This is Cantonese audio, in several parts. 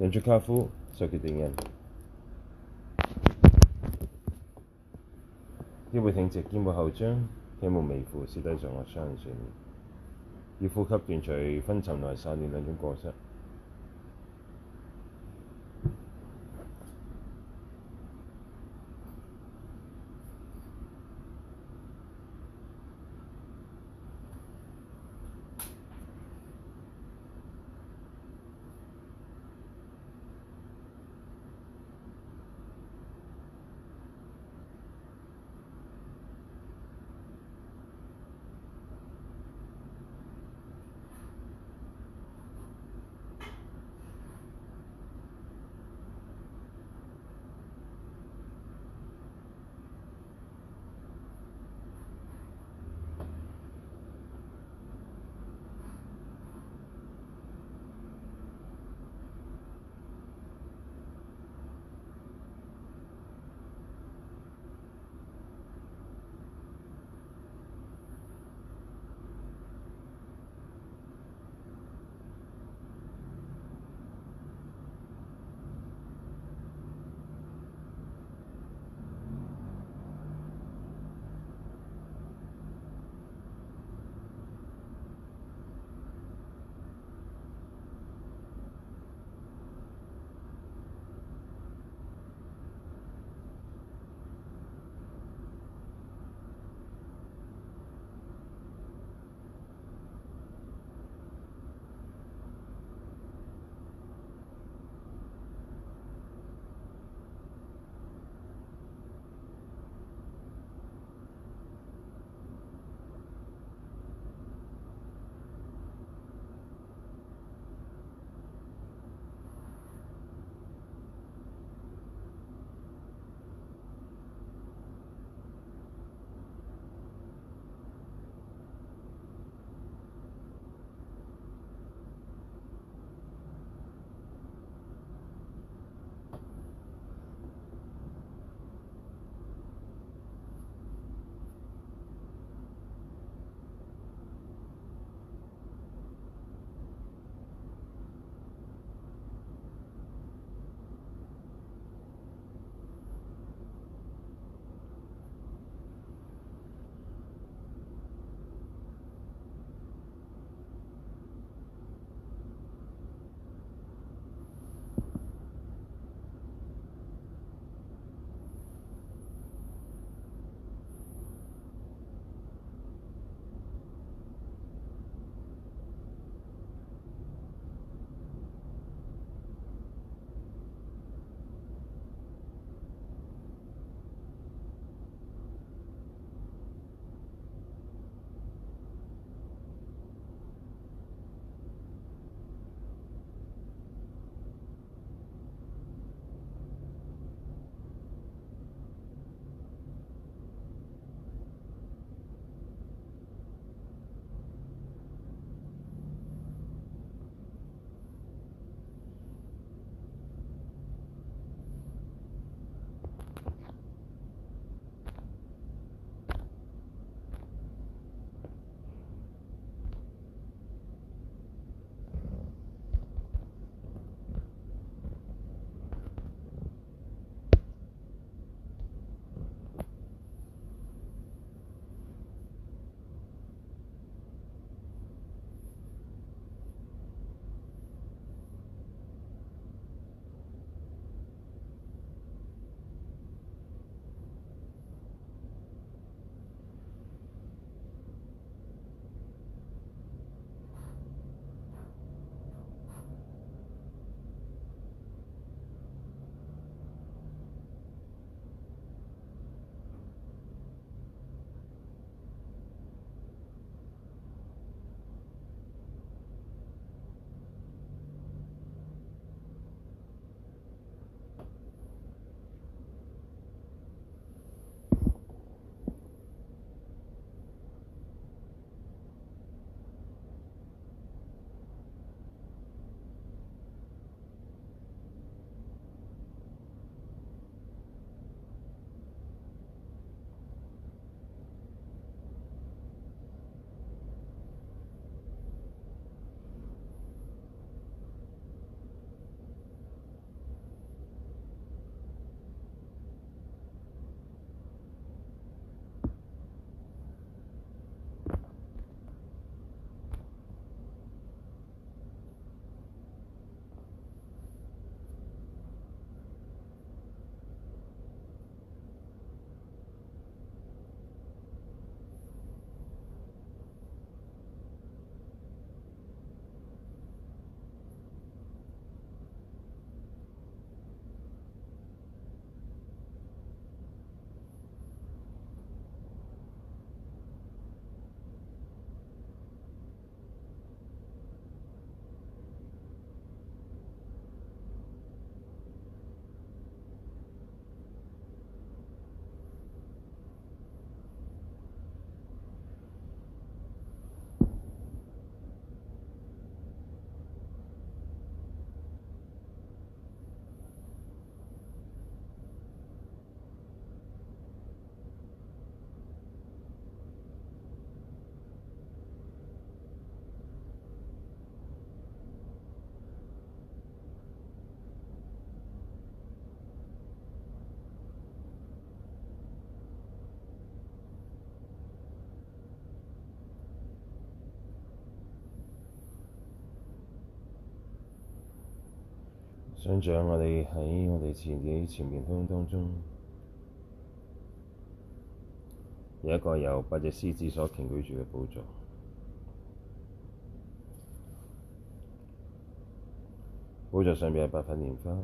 人做卡夫，就決定人。一背挺直，肩部後張，胸部微負，實際上係雙人睡眠。要呼吸斷除昏沉內散亂兩種過失。想像我哋喺我哋前，幾前面空間當中，有一個由八隻獅子所擎舉住嘅寶座，寶座上面有八瓣蓮花，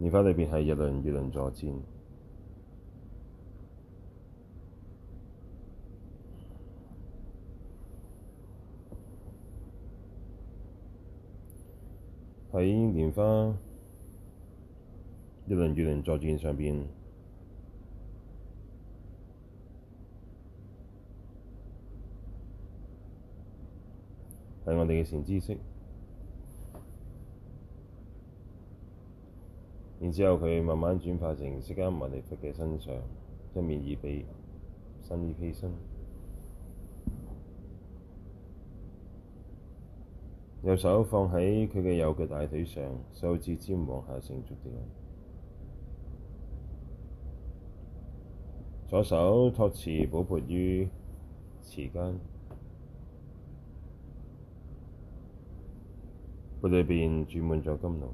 蓮花裏邊係日輪月輪坐戰。喺蓮花日輪月輪坐戰上邊，係我哋嘅善知識，然之後佢慢慢轉化成釋迦牟尼佛嘅身上，一面二臂生依披牲。右手放喺佢嘅右腳大腿上，手指尖往下成足地；左手托持寶盆於匙間，佢裏邊住滿咗金龍。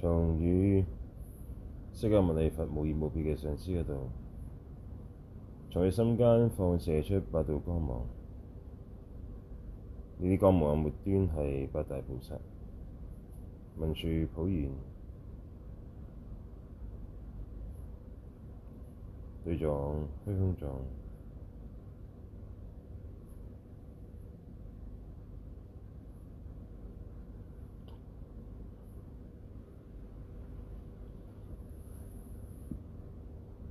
從與釋迦牟尼佛無異無別嘅上師嗰度，從佢心間放射出八道光芒，呢啲光芒末端係八大菩薩，文殊、普賢、對象、虛空藏。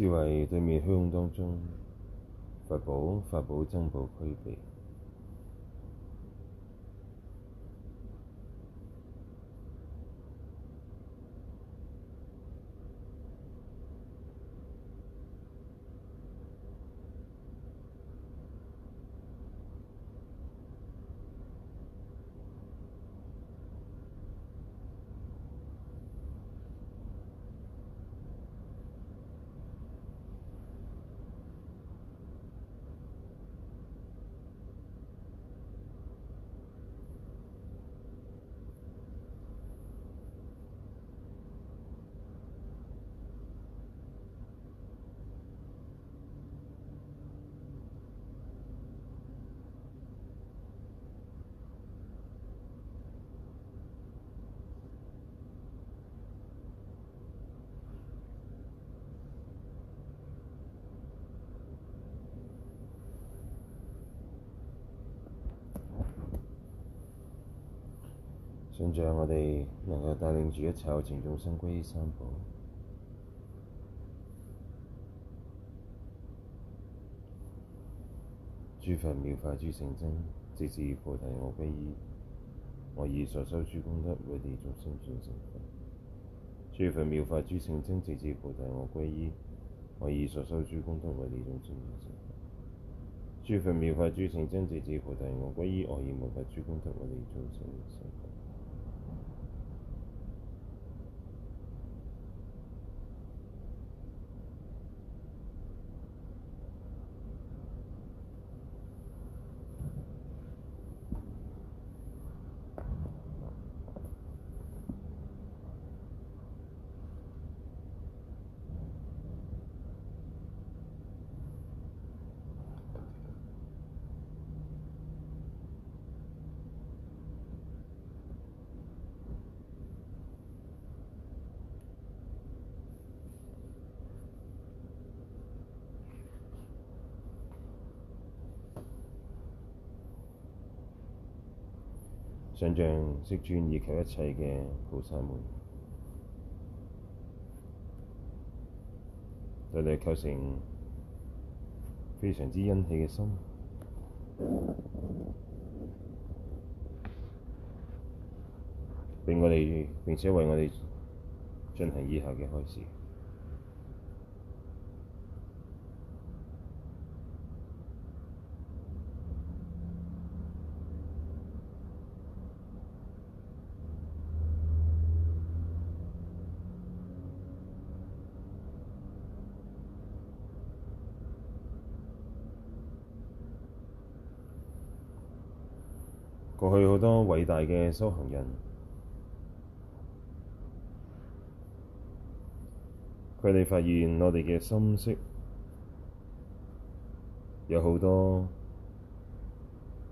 是為對面虛空當中，佛寶，法寶僧寶俱備。讓我哋能夠帶領住一切有情眾生歸依三寶，諸佛妙法諸聖僧，直至菩提我歸依，我以所修諸功德為你眾生盡成。諸佛妙法諸聖僧，直至菩提我歸依，我以所修諸功德為你眾生盡成。諸佛妙法諸聖僧，直至菩提我歸依，我以無法諸佛諸功德為你眾生盡成。向釋尊以及一切嘅菩薩們，對你構成非常之欣喜嘅心，俾我哋，並且為我哋進行以下嘅開示。偉大嘅修行人，佢哋發現我哋嘅心識有好多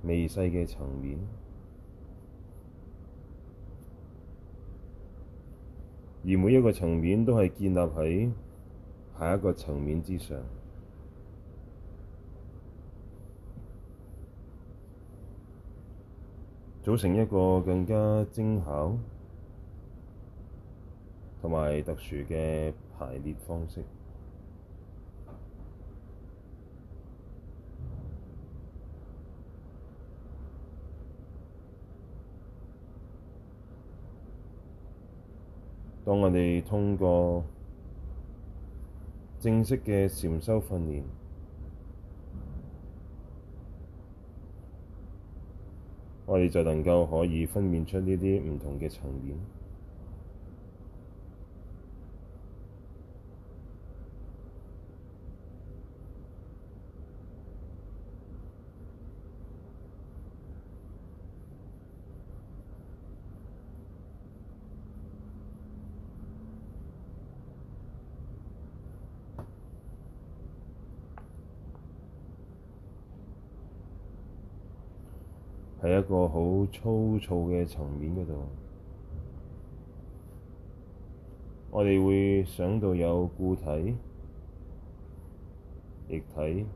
微細嘅層面，而每一個層面都係建立喺下一個層面之上。組成一個更加精巧同埋特殊嘅排列方式。當我哋通過正式嘅禪修訓練，我哋就能夠可以分辨出呢啲唔同嘅層面。一個好粗糙嘅層面嗰度，我哋會想到有固體、液體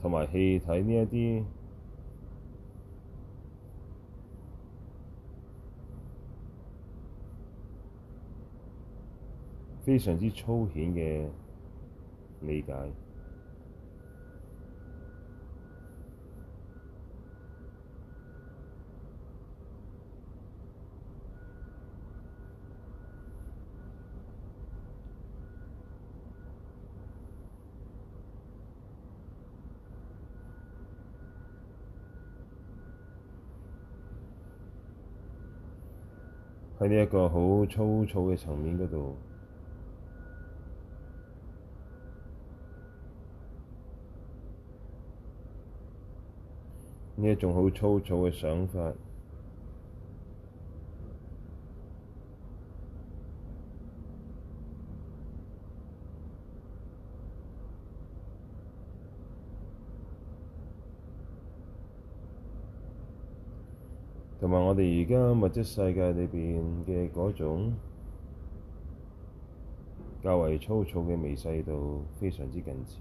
同埋氣體呢一啲非常之粗顯嘅理解。喺呢一個好粗糙嘅層面嗰度，呢一種好粗糙嘅想法。我哋而家物質世界裏邊嘅嗰種較為粗糙嘅微細度，非常之近似，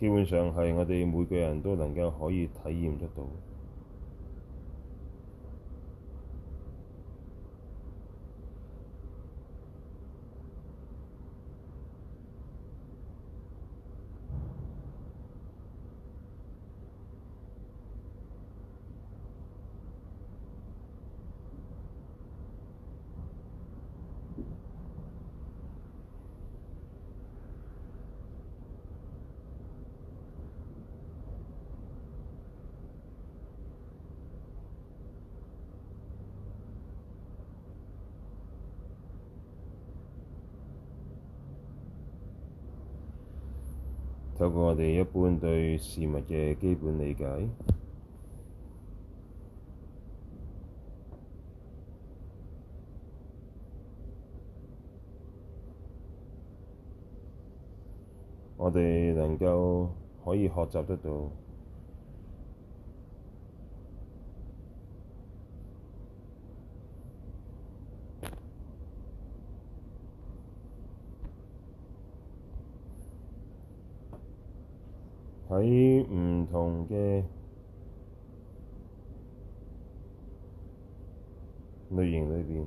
基本上係我哋每個人都能夠可以體驗得到。透過我哋一般對事物嘅基本理解， 我哋能夠可以學習得到。喺唔同嘅類型裏邊，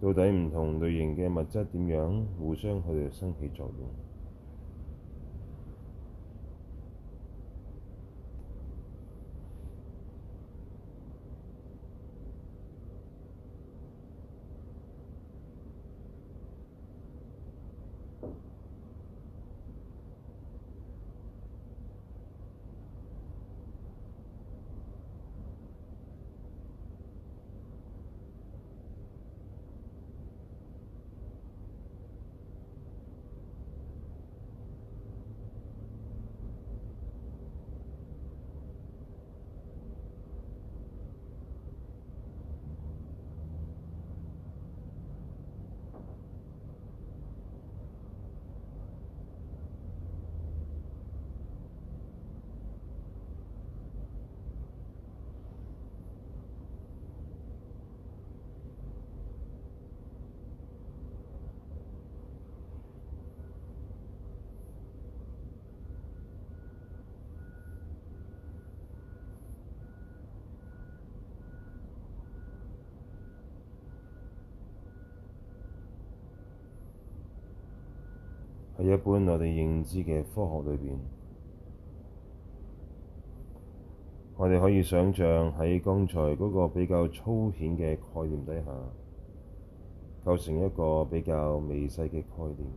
到底唔同類型嘅物質點樣互相去生起作用？一般我哋認知嘅科學裏邊，我哋可以想像喺剛才嗰個比較粗顯嘅概念底下，構成一個比較微細嘅概念。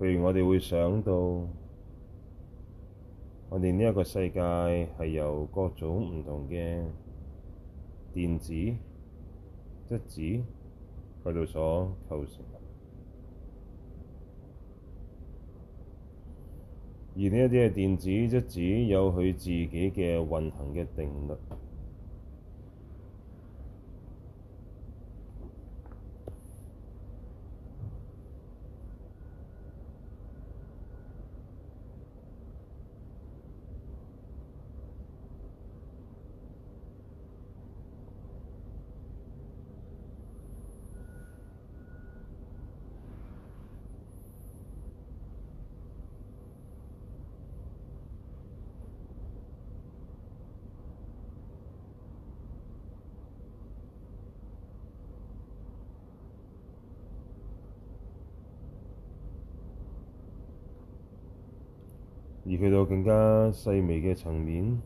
譬如我哋會想到，我哋呢一個世界係由各種唔同嘅電子質子。而呢一啲嘅電子則只、就是、有佢自己嘅運行嘅定律。細微嘅層面。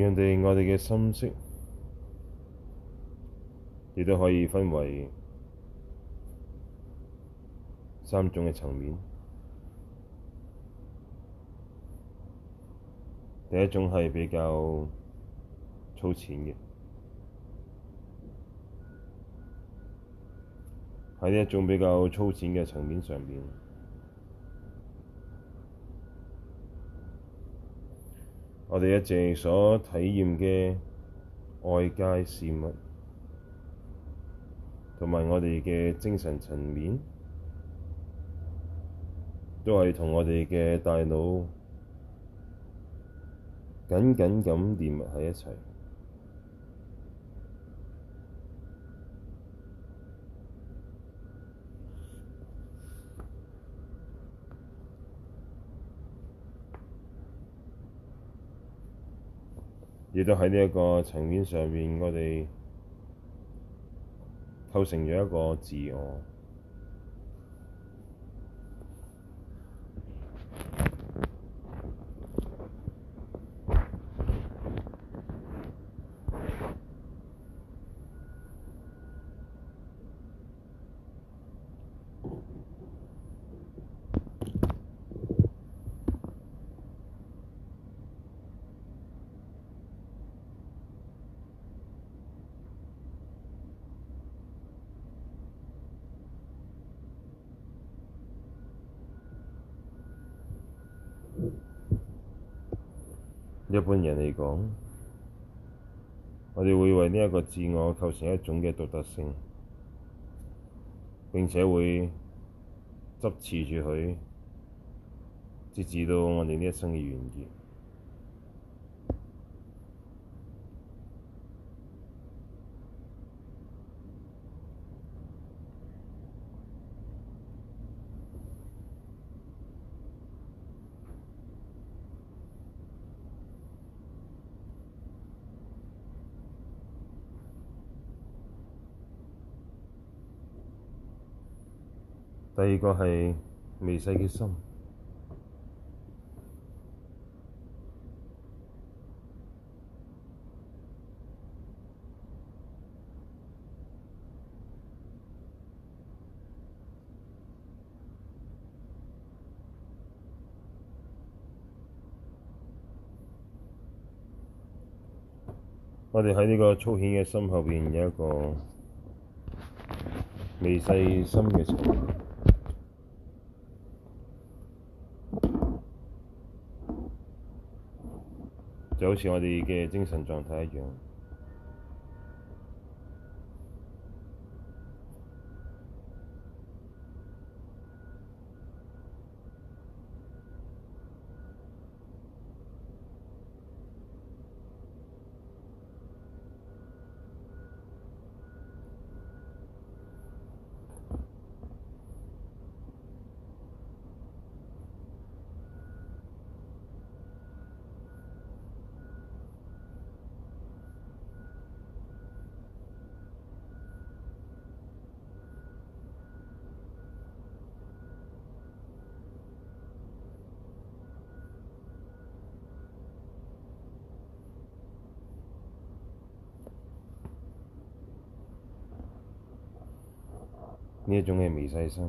樣地，我哋嘅心識亦都可以分為三種嘅層面。第一種係比較粗淺嘅，喺呢一種比較粗淺嘅層面上面。我哋一直所體驗嘅外界事物，同埋我哋嘅精神層面，都係同我哋嘅大腦緊緊咁連埋喺一齊。亦都喺呢一個層面上面，我哋構成咗一個自我。一般人嚟講，我哋會為呢一個自我構成一種嘅獨特性，並且會執持住佢，直至到我哋呢一生嘅完結。第二個係微細嘅心， 我哋喺呢個粗顯嘅心後邊有一個微細心嘅存在。就好似我哋嘅精神狀態一樣。呢一種嘅微細心，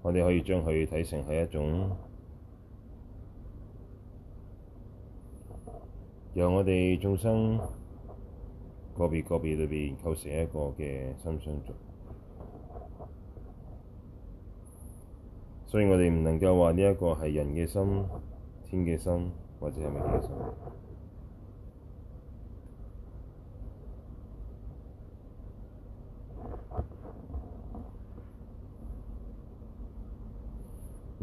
我哋可以將佢睇成係一種，由我哋眾生個別個別裏邊構成一個嘅心相續。所以我哋唔能夠話呢一個係人嘅心、天嘅心或者係咩嘅心。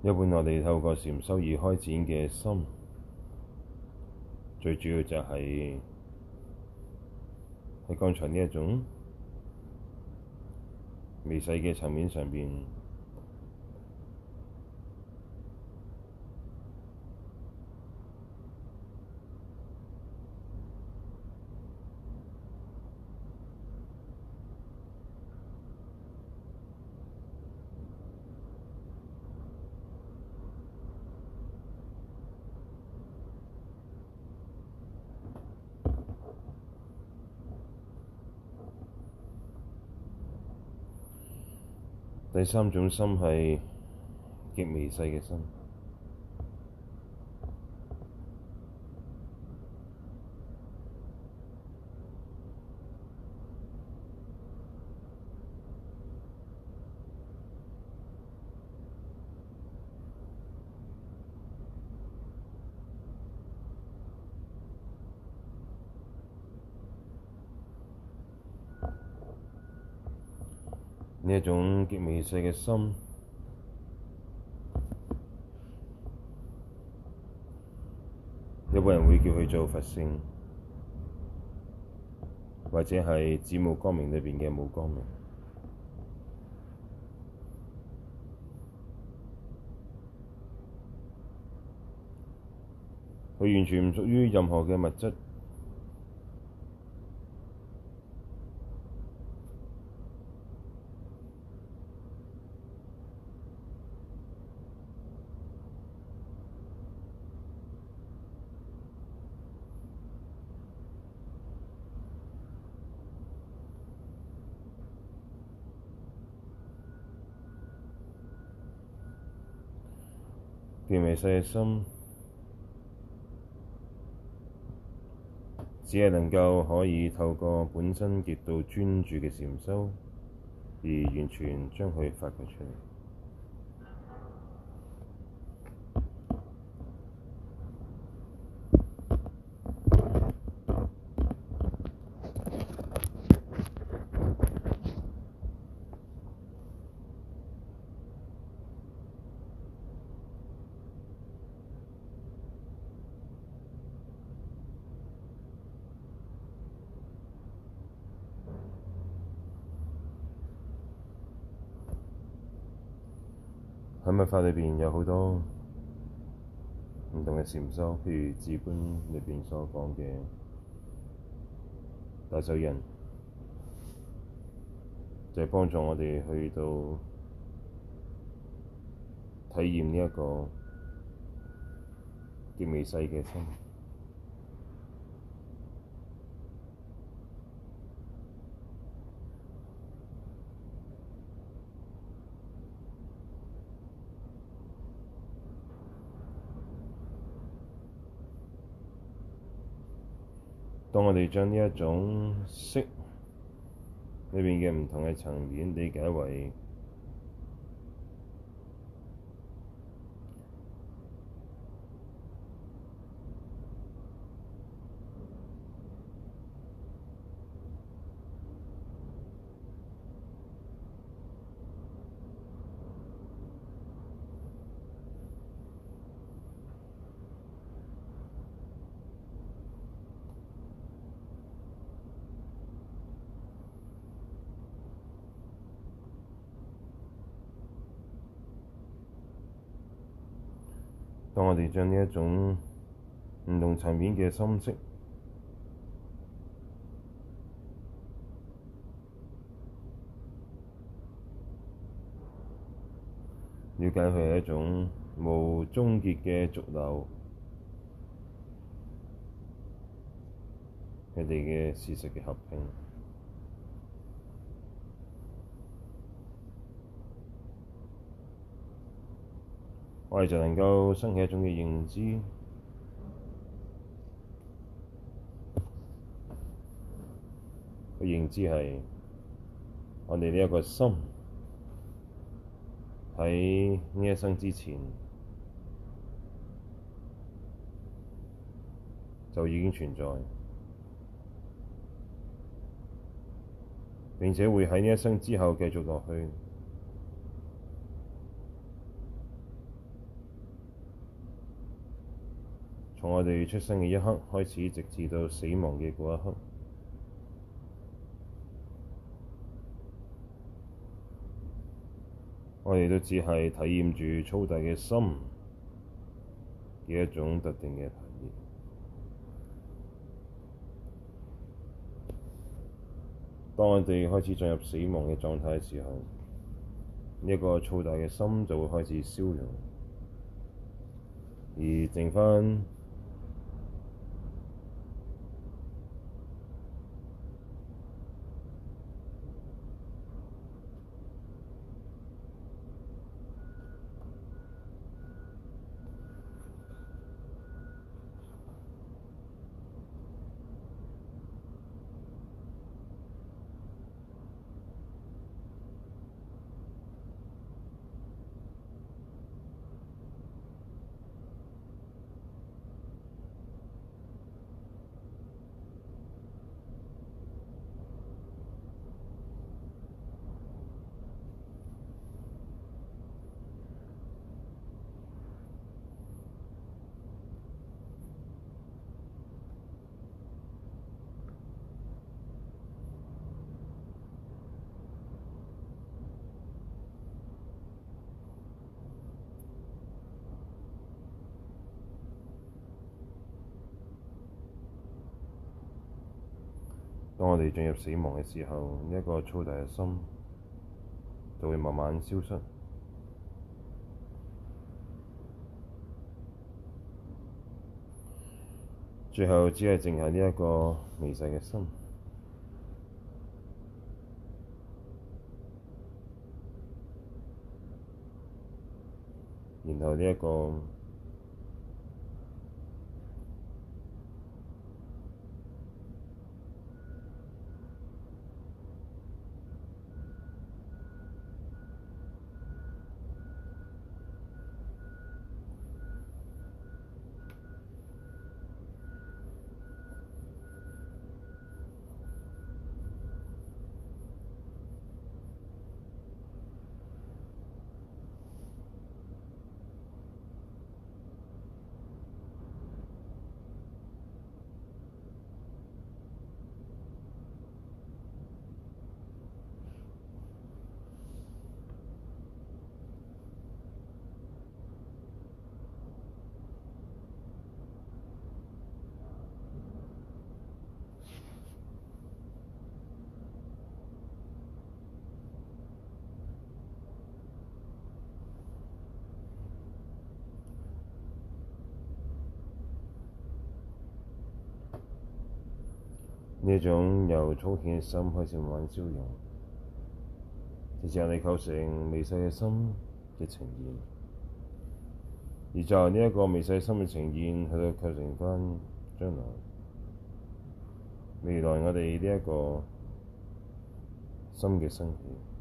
一般我哋透過禪修而開展嘅心，最主要就係喺剛才呢一種微細嘅層面上邊。第三種心，係極微細嘅心。呢一種極微細嘅心，有個人會叫佢做佛性，或者係子母光明裏面嘅母光明。佢完全唔屬於任何嘅物質。細心，只係能夠可以透過本身極度專注嘅禪修，而完全將佢發掘出嚟。喺密法裏邊有好多唔同嘅禪修，譬如止觀裏面所講嘅大手印，就係、是、幫助我哋去到體驗呢一個極微細嘅心。當我哋將呢一種色裏邊嘅唔同嘅層面理解為。將呢一種唔同層面嘅心識，瞭解佢係一種無終結嘅逐流，佢哋嘅事實嘅合併。我哋就能夠生起一種嘅認知，個認知係我哋呢一個心喺呢一生之前就已經存在，並且會喺呢一生之後繼續落去。我哋出生嘅一刻開始，直至到死亡嘅嗰一刻，我哋都只係體驗住粗大嘅心嘅一種特定嘅體驗。當我哋開始進入死亡嘅狀態嘅時候，呢、這、一個粗大嘅心就會開始消融，而剩翻。當我哋進入死亡嘅時候，呢一個粗大嘅心就會慢慢消失，最後只係剩下呢一個微細嘅心，然後呢一個。呢一種由粗淺嘅心開始慢慢消融，直至係你構成微細嘅心嘅呈現。而就係呢一個微細嘅心嘅呈現，去到構成翻將來未來我哋呢一個心嘅升起。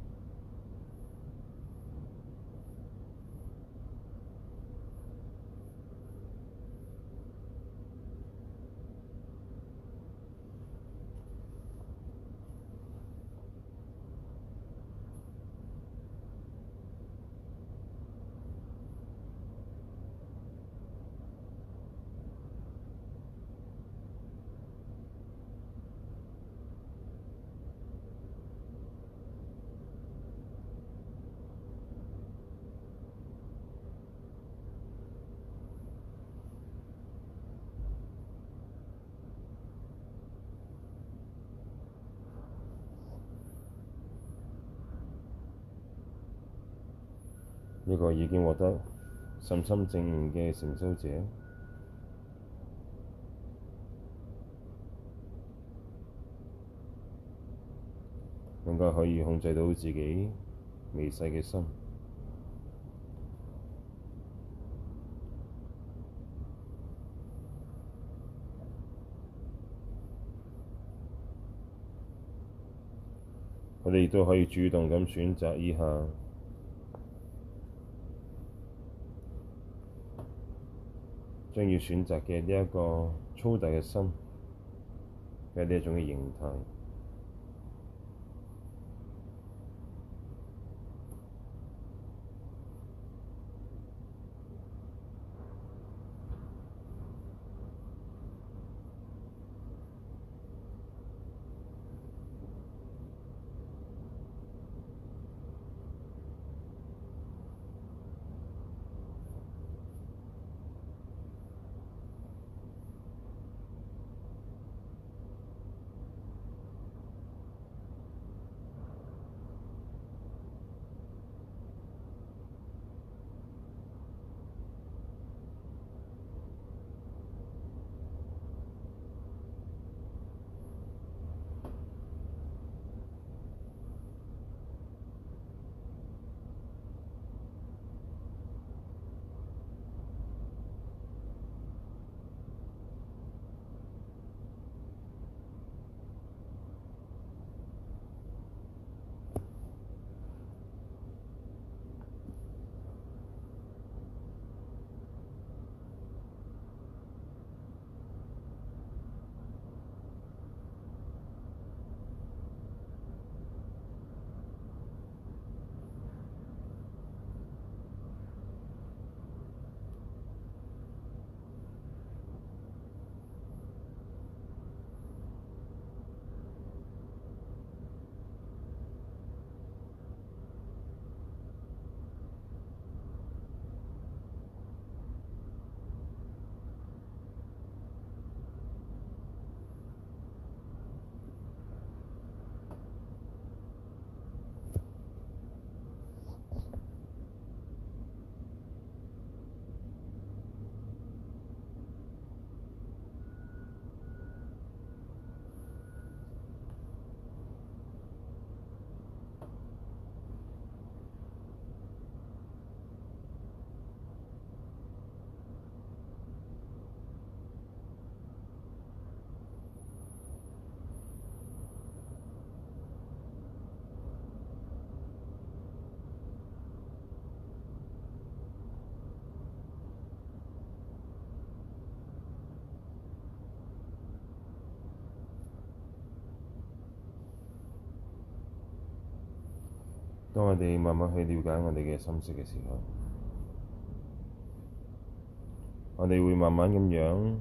我已經獲得信心證明嘅承受者，應該可以控制到自己微細嘅心。佢哋亦都可以主動咁選擇以下。將要選擇嘅呢一個粗大嘅心嘅呢一種嘅形態。當我哋慢慢去了解我哋嘅心識嘅時候，我哋會慢慢咁樣。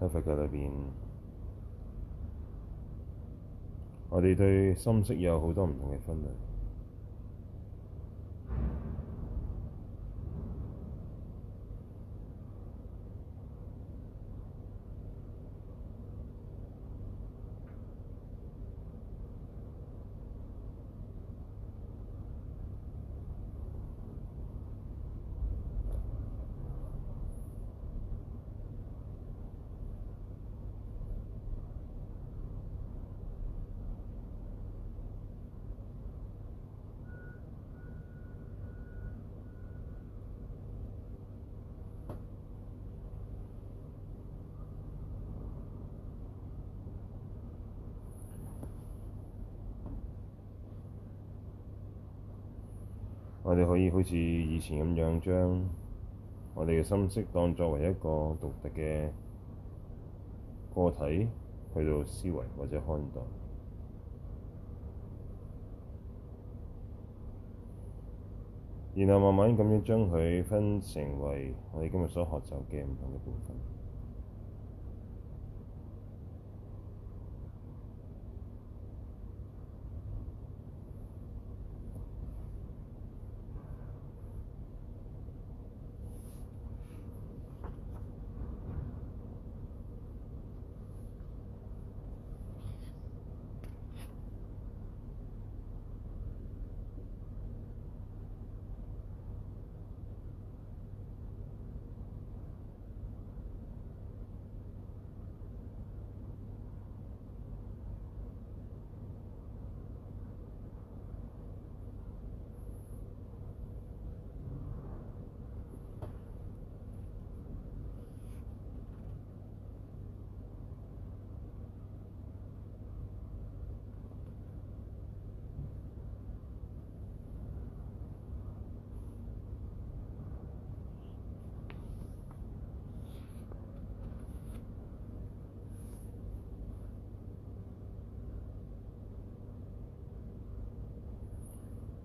喺佛教裏面，我哋對心識有好多唔同嘅分類。我哋可以好似以前咁樣，將我哋嘅心識當作為一個獨特嘅個體去到思維或者看待，然後慢慢咁樣將佢分成為我哋今日所學習嘅唔同嘅部分。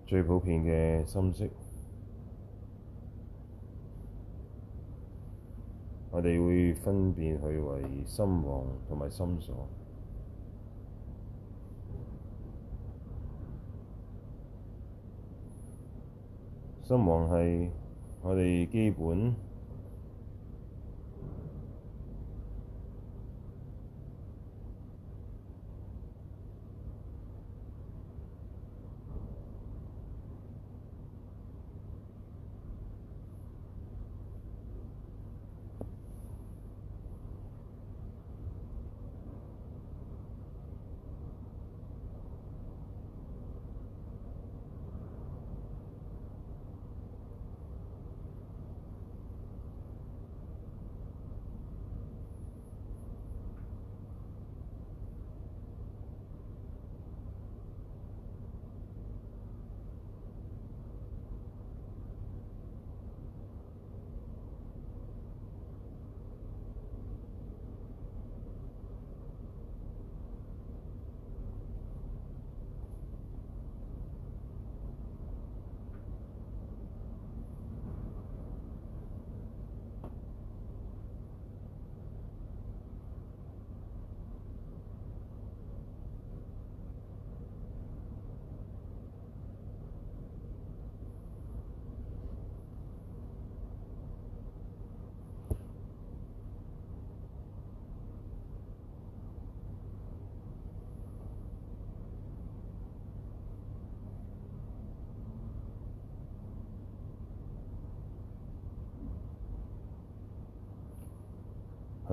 最普遍嘅心識，我哋會分辨佢為心王同埋心所。心王係我哋基本。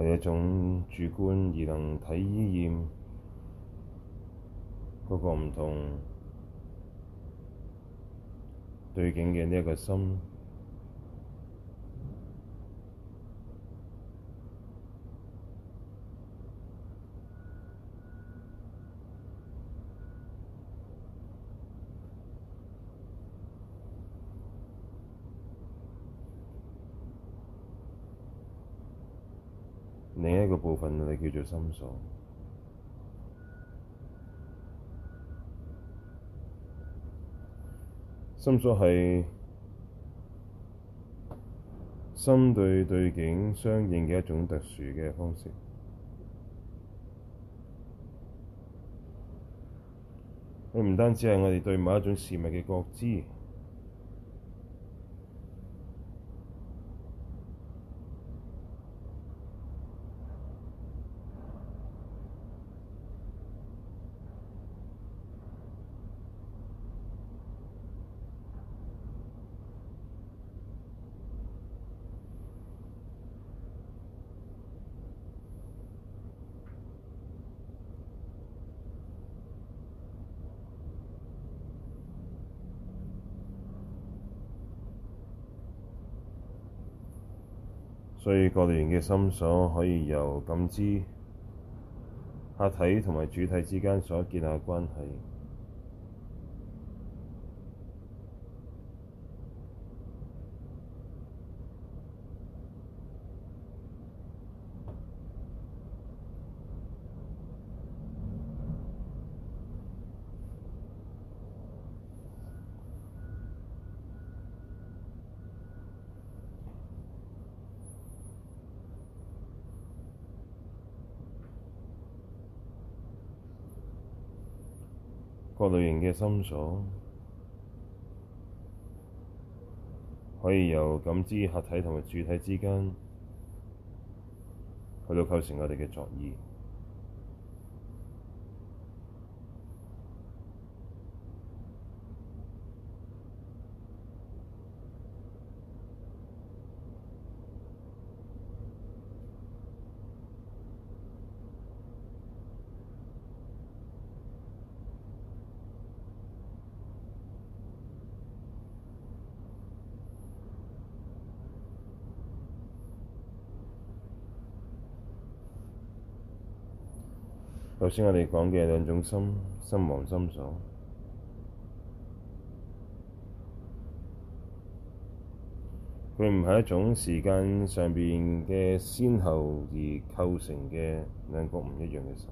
係一種主觀而能體驗嗰個唔同對境嘅呢個心。叫做心所，心所係心對對境相應嘅一種特殊嘅方式。佢唔單止係我哋對某一種事物嘅覺知。各類型嘅心所，可以由感知客體同埋主體之間所建立嘅關係。各類型嘅心所，可以由感知客體同埋主體之間，去到構成我哋嘅作意。首先，我哋講嘅兩種心，心王心所，佢唔係一種時間上面嘅先後而構成嘅兩個唔一樣嘅心。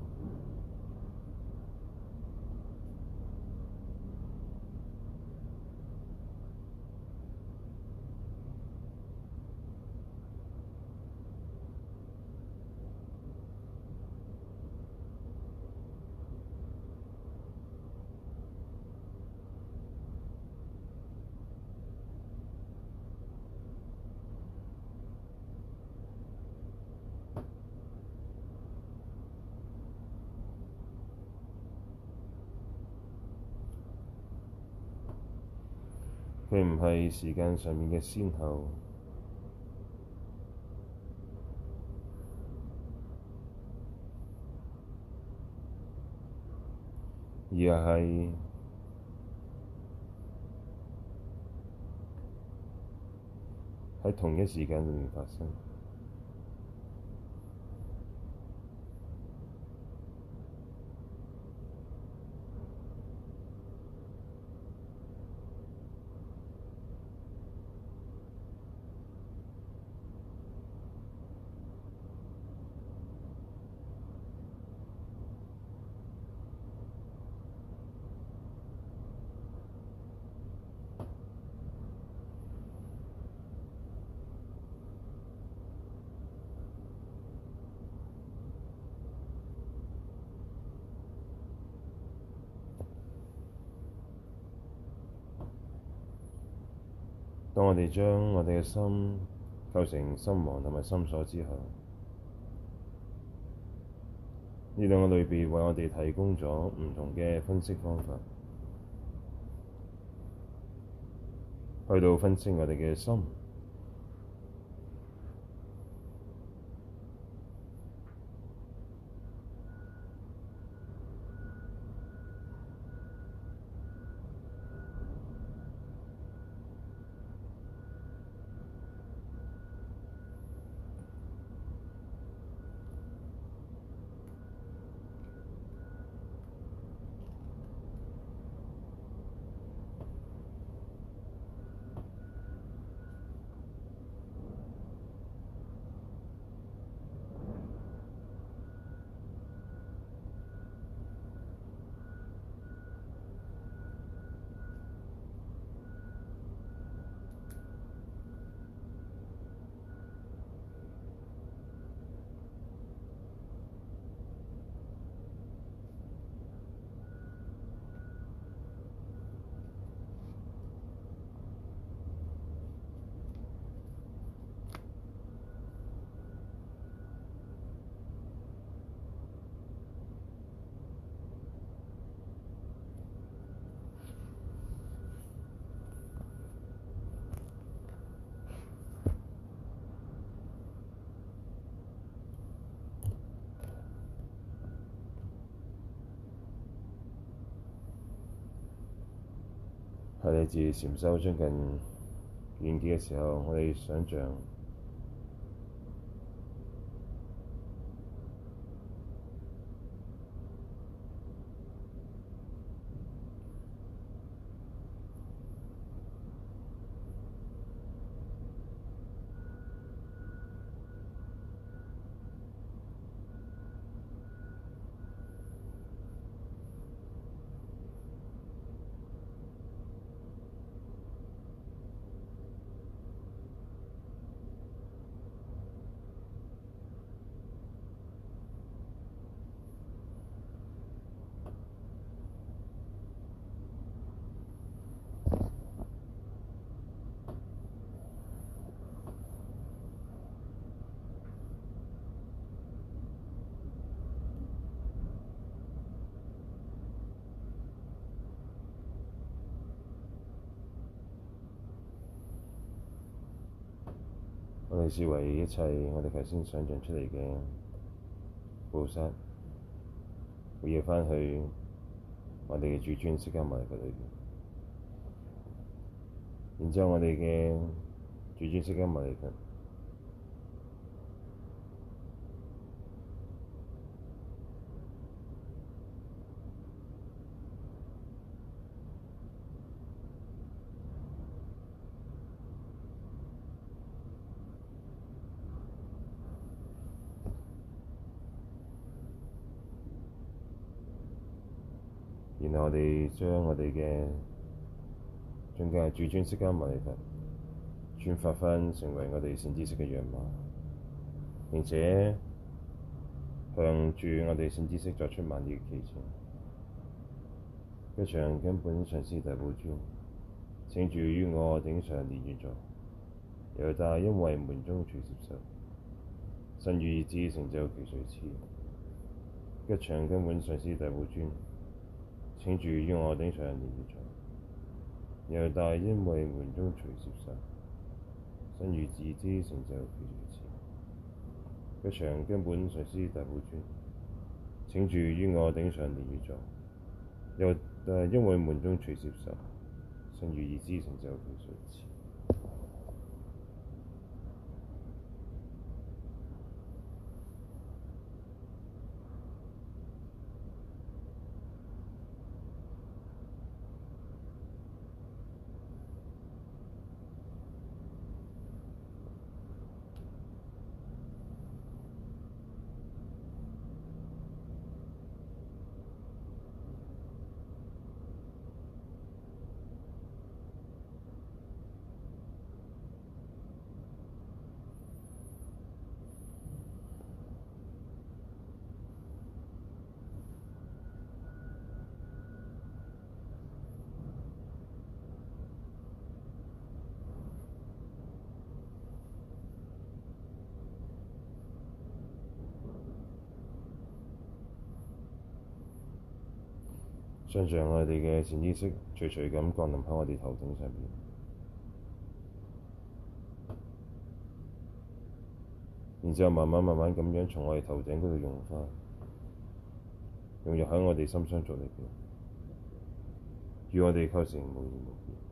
而唔係時間上面嘅先後，而係喺同一時間裡面發生。係將我哋嘅心構成心王同埋心所之後，呢兩個類別為我哋提供咗唔同嘅分析方法，去到分析我哋嘅心。我哋自禪修接近完結嘅時候，我哋想象。視為一切，我哋頭先想像出嚟嘅寶石，回翻去我哋嘅主尊釋迦牟尼佛裏邊。然之後我哋嘅主尊釋迦牟尼佛。將我哋將我哋嘅中間嘅主尊釋迦牟尼佛轉發翻成為我哋善知識嘅樣貌，並且向住我哋善知識作出萬業祈請。吉祥根本上師大寶尊，請住於我頂上蓮月座，由大因為門中除邪受，身語意智成就其隨次。吉祥根本上師大寶尊。請住於我頂上蓮月座，又大因位門中隨攝受，身如自知成就其來前。吉祥根本隨師大寶尊，請住於我頂上蓮月座，又大因位門中隨攝受，身如自知成就其來像像我哋嘅善知識，徐徐咁降臨喺我哋頭頂上面，然之後慢慢慢慢咁樣從我哋頭頂嗰度融化，融入喺我哋心相續裏面，與我哋構成無形無邊。